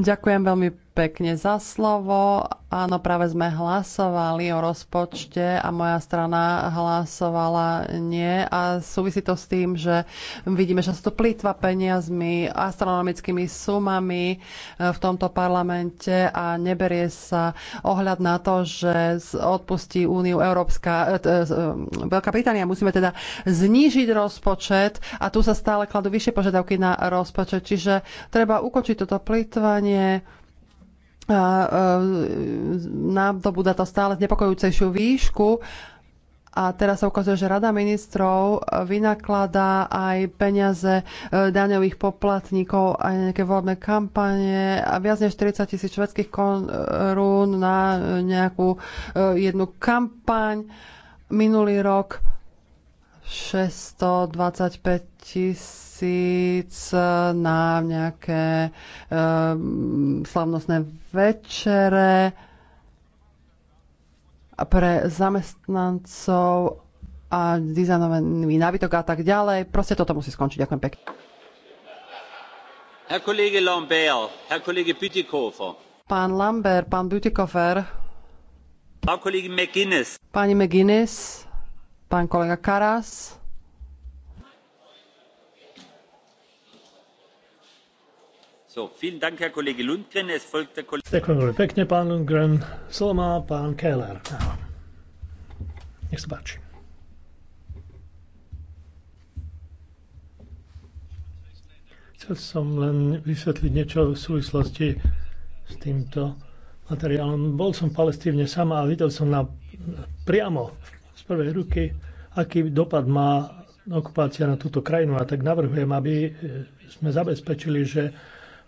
Ďakujem veľmi pekne za slovo. Áno, práve sme hlasovali o rozpočte a moja strana hlasovala nie a súvisí to s tým, že vidíme, že sa to plýtva peniazmi, astronomickými sumami eh, v tomto parlamente a neberie sa ohľad na to, že odpustí Úniu Európska, eh, eh, Veľká Británia. Musíme teda znížiť rozpočet a tu sa stále kladú vyššie požiadavky na rozpočet, čiže treba ukočiť toto plýtvanie E, nám to bude to stále znepokojúcejšiu výšku a teraz sa ukazuje, že Rada ministrov vynakladá aj peniaze e, daňových poplatníkov aj nejaké voľné kampanie a viac než 40 tisíc švedských korún e, na nejakú jednu kampaň. Minulý rok 625 tisíc tisíc na nejaké eh, slavnostné večere pre zamestnancov a dizajnový nábytok a tak ďalej. Proste toto musí skončiť. Ďakujem pekne. Herr Kollege Lambert, Herr Kollege Bütikofer. Pán Lambert, pán Bütikofer. Frau Kollegin McGuinness. Pani McGuinness, pán kolega Karas. Ďakujem pekne, pán Lundgren. Slovo má pán Keller. Nech sa páči. Chcel som len vysvetliť niečo v súvislosti s týmto materiálom. Bol som v Palestíne sama a videl som na, priamo z prvej ruky, aký dopad má okupácia na túto krajinu. A tak navrhujem, aby sme zabezpečili, že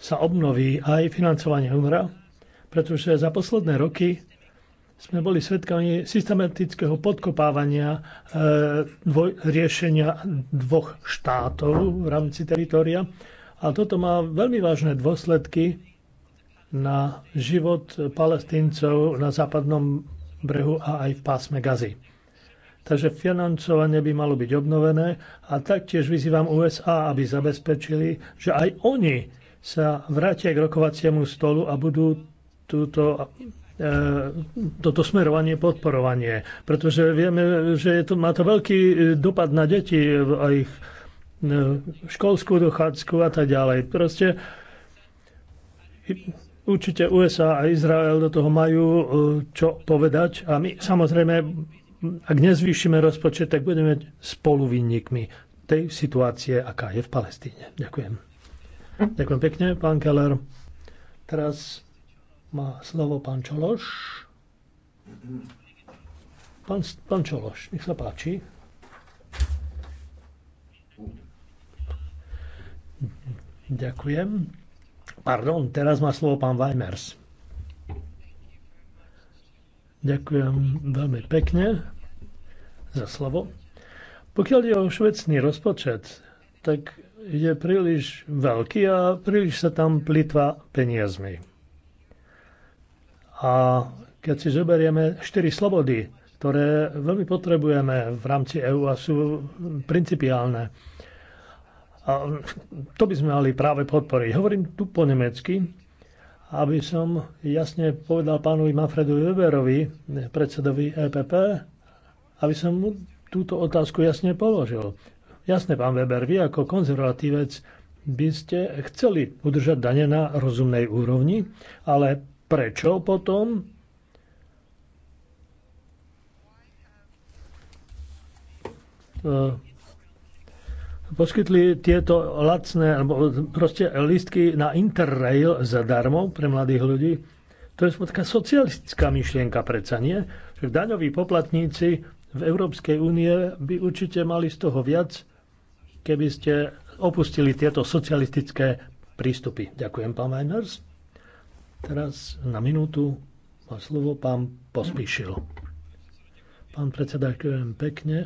sa obnoví aj financovanie UNRWA, pretože za posledné roky sme boli svedkami systematického podkopávania e, dvoj, riešenia dvoch štátov v rámci teritoria. A toto má veľmi vážne dôsledky na život palestíncov na západnom brehu a aj v pásme Gazy. Takže financovanie by malo byť obnovené a taktiež vyzývam USA, aby zabezpečili, že aj oni sa vrátia k rokovaciemu stolu a budú túto e, toto smerovanie, podporovanie. Pretože vieme, že je to, má to veľký e, dopad na deti a ich e, školskú dochádzku a tak ďalej. Proste určite USA a Izrael do toho majú čo povedať a my samozrejme, ak nezvýšime rozpočet, tak budeme spoluvinníkmi tej situácie, aká je v Palestíne. Ďakujem. Ďakujem pekne, pán Keller. Teraz má slovo pán Čološ. Pán, pán Čološ, nech sa páči. Ďakujem. Pardon, teraz má slovo pán Weimers. Ďakujem veľmi pekne za slovo. Pokiaľ je o švedský rozpočet, tak je príliš veľký a príliš sa tam plitva peniazmi. A keď si zoberieme štyri slobody, ktoré veľmi potrebujeme v rámci EÚ a sú principiálne, a to by sme mali práve podporiť. Hovorím tu po nemecky, aby som jasne povedal pánovi Manfredu Weberovi, predsedovi EPP, aby som mu túto otázku jasne položil. Jasné, pán Weber, vy ako konzervatívec by ste chceli udržať dane na rozumnej úrovni, ale prečo potom eh, poskytli tieto lacné, alebo proste listky na Interrail zadarmo pre mladých ľudí. To je taká socialistická myšlienka predsa, nie? daňoví poplatníci v Európskej únie by určite mali z toho viac, keby ste opustili tieto socialistické prístupy. Ďakujem, pán Weiners. Teraz na minútu má slovo pán Pospíšil. Pán predseda, ďakujem pekne.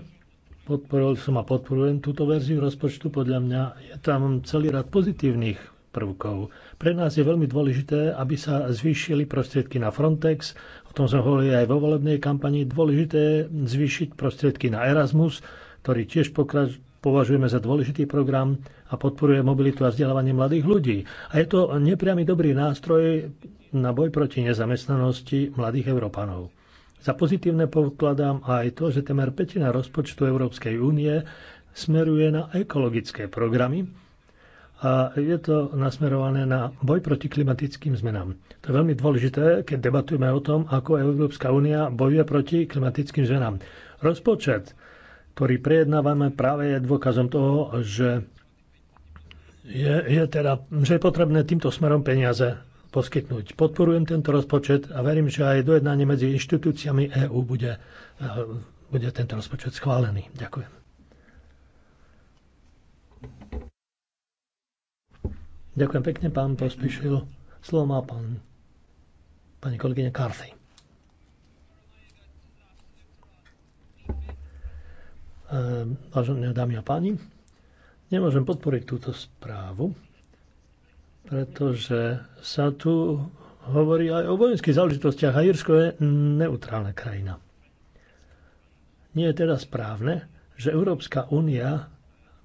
Podporil som a podporujem túto verziu rozpočtu. Podľa mňa je tam celý rad pozitívnych prvkov. Pre nás je veľmi dôležité, aby sa zvýšili prostriedky na Frontex, o tom sme hovorili aj vo volebnej kampani, dôležité zvýšiť prostriedky na Erasmus, ktorý tiež pokračuje považujeme za dôležitý program a podporuje mobilitu a vzdelávanie mladých ľudí. A je to nepriamy dobrý nástroj na boj proti nezamestnanosti mladých Európanov. Za pozitívne pokladám aj to, že temer petina rozpočtu Európskej únie smeruje na ekologické programy a je to nasmerované na boj proti klimatickým zmenám. To je veľmi dôležité, keď debatujeme o tom, ako Európska únia bojuje proti klimatickým zmenám. Rozpočet ktorý prejednávame, práve je dôkazom toho, že je, je teda, že je potrebné týmto smerom peniaze poskytnúť. Podporujem tento rozpočet a verím, že aj dojednanie medzi inštitúciami EÚ bude, e, bude tento rozpočet schválený. Ďakujem. Ďakujem pekne, pán Pospišil. Slovo má pán, pani kolegyňa Karthy. Ehm, vážené dámy a páni, nemôžem podporiť túto správu, pretože sa tu hovorí aj o vojenských záležitostiach a Jirsko je neutrálna krajina. Nie je teda správne, že Európska únia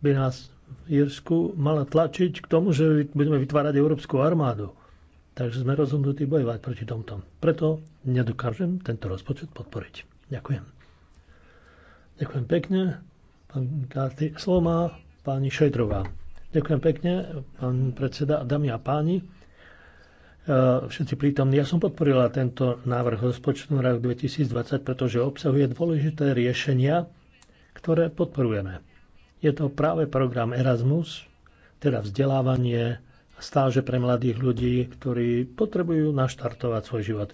by nás v Írsku mala tlačiť k tomu, že budeme vytvárať Európsku armádu. Takže sme rozhodnutí bojovať proti tomto. Preto nedokážem tento rozpočet podporiť. Ďakujem. Ďakujem pekne. Pán Garty, slovo má pani Šejdrová. Ďakujem pekne, pán predseda, dámy a páni. E, všetci prítomní, ja som podporila tento návrh rozpočtu na rok 2020, pretože obsahuje dôležité riešenia, ktoré podporujeme. Je to práve program Erasmus, teda vzdelávanie, stáže pre mladých ľudí, ktorí potrebujú naštartovať svoj život.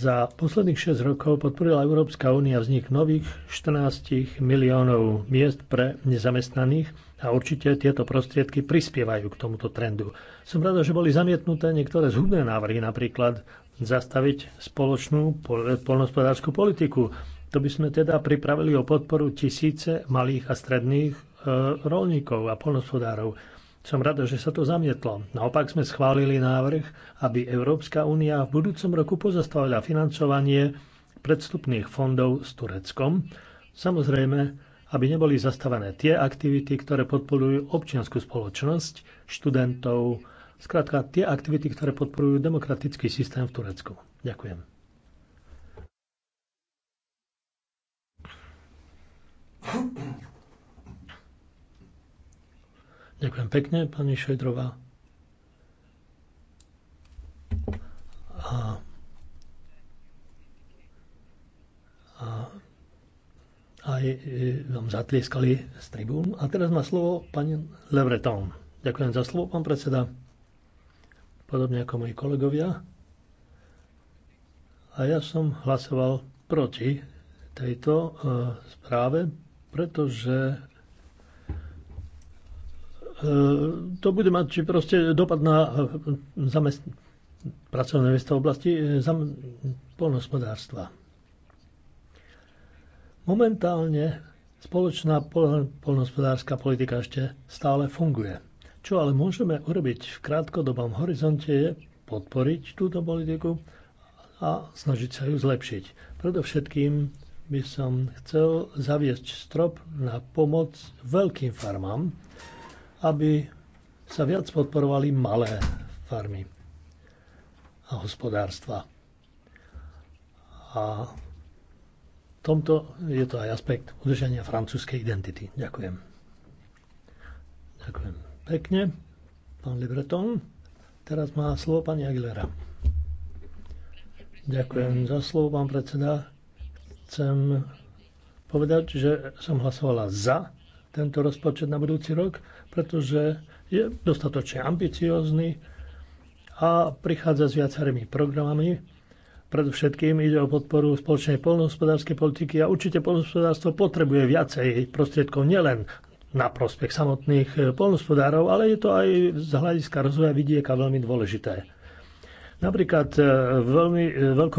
Za posledných 6 rokov podporila Európska únia vznik nových 14 miliónov miest pre nezamestnaných a určite tieto prostriedky prispievajú k tomuto trendu. Som rada, že boli zamietnuté niektoré zhubné návrhy, napríklad zastaviť spoločnú polnospodárskú politiku. To by sme teda pripravili o podporu tisíce malých a stredných e, rolníkov a poľnohospodárov. Som rada, že sa to zamietlo. Naopak sme schválili návrh, aby Európska únia v budúcom roku pozastavila financovanie predstupných fondov s Tureckom, samozrejme, aby neboli zastavené tie aktivity, ktoré podporujú občianskú spoločnosť, študentov, skrátka tie aktivity, ktoré podporujú demokratický systém v Turecku. Ďakujem. you. Ďakujem pekne, pani Šojdrová. A, a aj e, vám zatlieskali z tribún. A teraz má slovo pani Levreton. Ďakujem za slovo, pán predseda. Podobne ako moji kolegovia. A ja som hlasoval proti tejto e, správe, pretože E, to bude mať či proste dopad na e, zamest... pracovné miesta v oblasti e, zam... polnospodárstva. Momentálne spoločná pol... polnospodárska politika ešte stále funguje. Čo ale môžeme urobiť v krátkodobom horizonte je podporiť túto politiku a snažiť sa ju zlepšiť. Predovšetkým by som chcel zaviesť strop na pomoc veľkým farmám, aby sa viac podporovali malé farmy a hospodárstva. A v tomto je to aj aspekt udržania francúzskej identity. Ďakujem. Ďakujem pekne. Pán Libreton, teraz má slovo pani Aguilera. Ďakujem za slovo, pán predseda. Chcem povedať, že som hlasovala za tento rozpočet na budúci rok, pretože je dostatočne ambiciózny a prichádza s viacerými programami. Predovšetkým ide o podporu spoločnej poľnohospodárskej politiky a určite polnohospodárstvo potrebuje viacej prostriedkov nielen na prospech samotných eh, polnohospodárov, ale je to aj z hľadiska rozvoja vidieka veľmi dôležité. Napríklad eh, veľmi eh, veľkou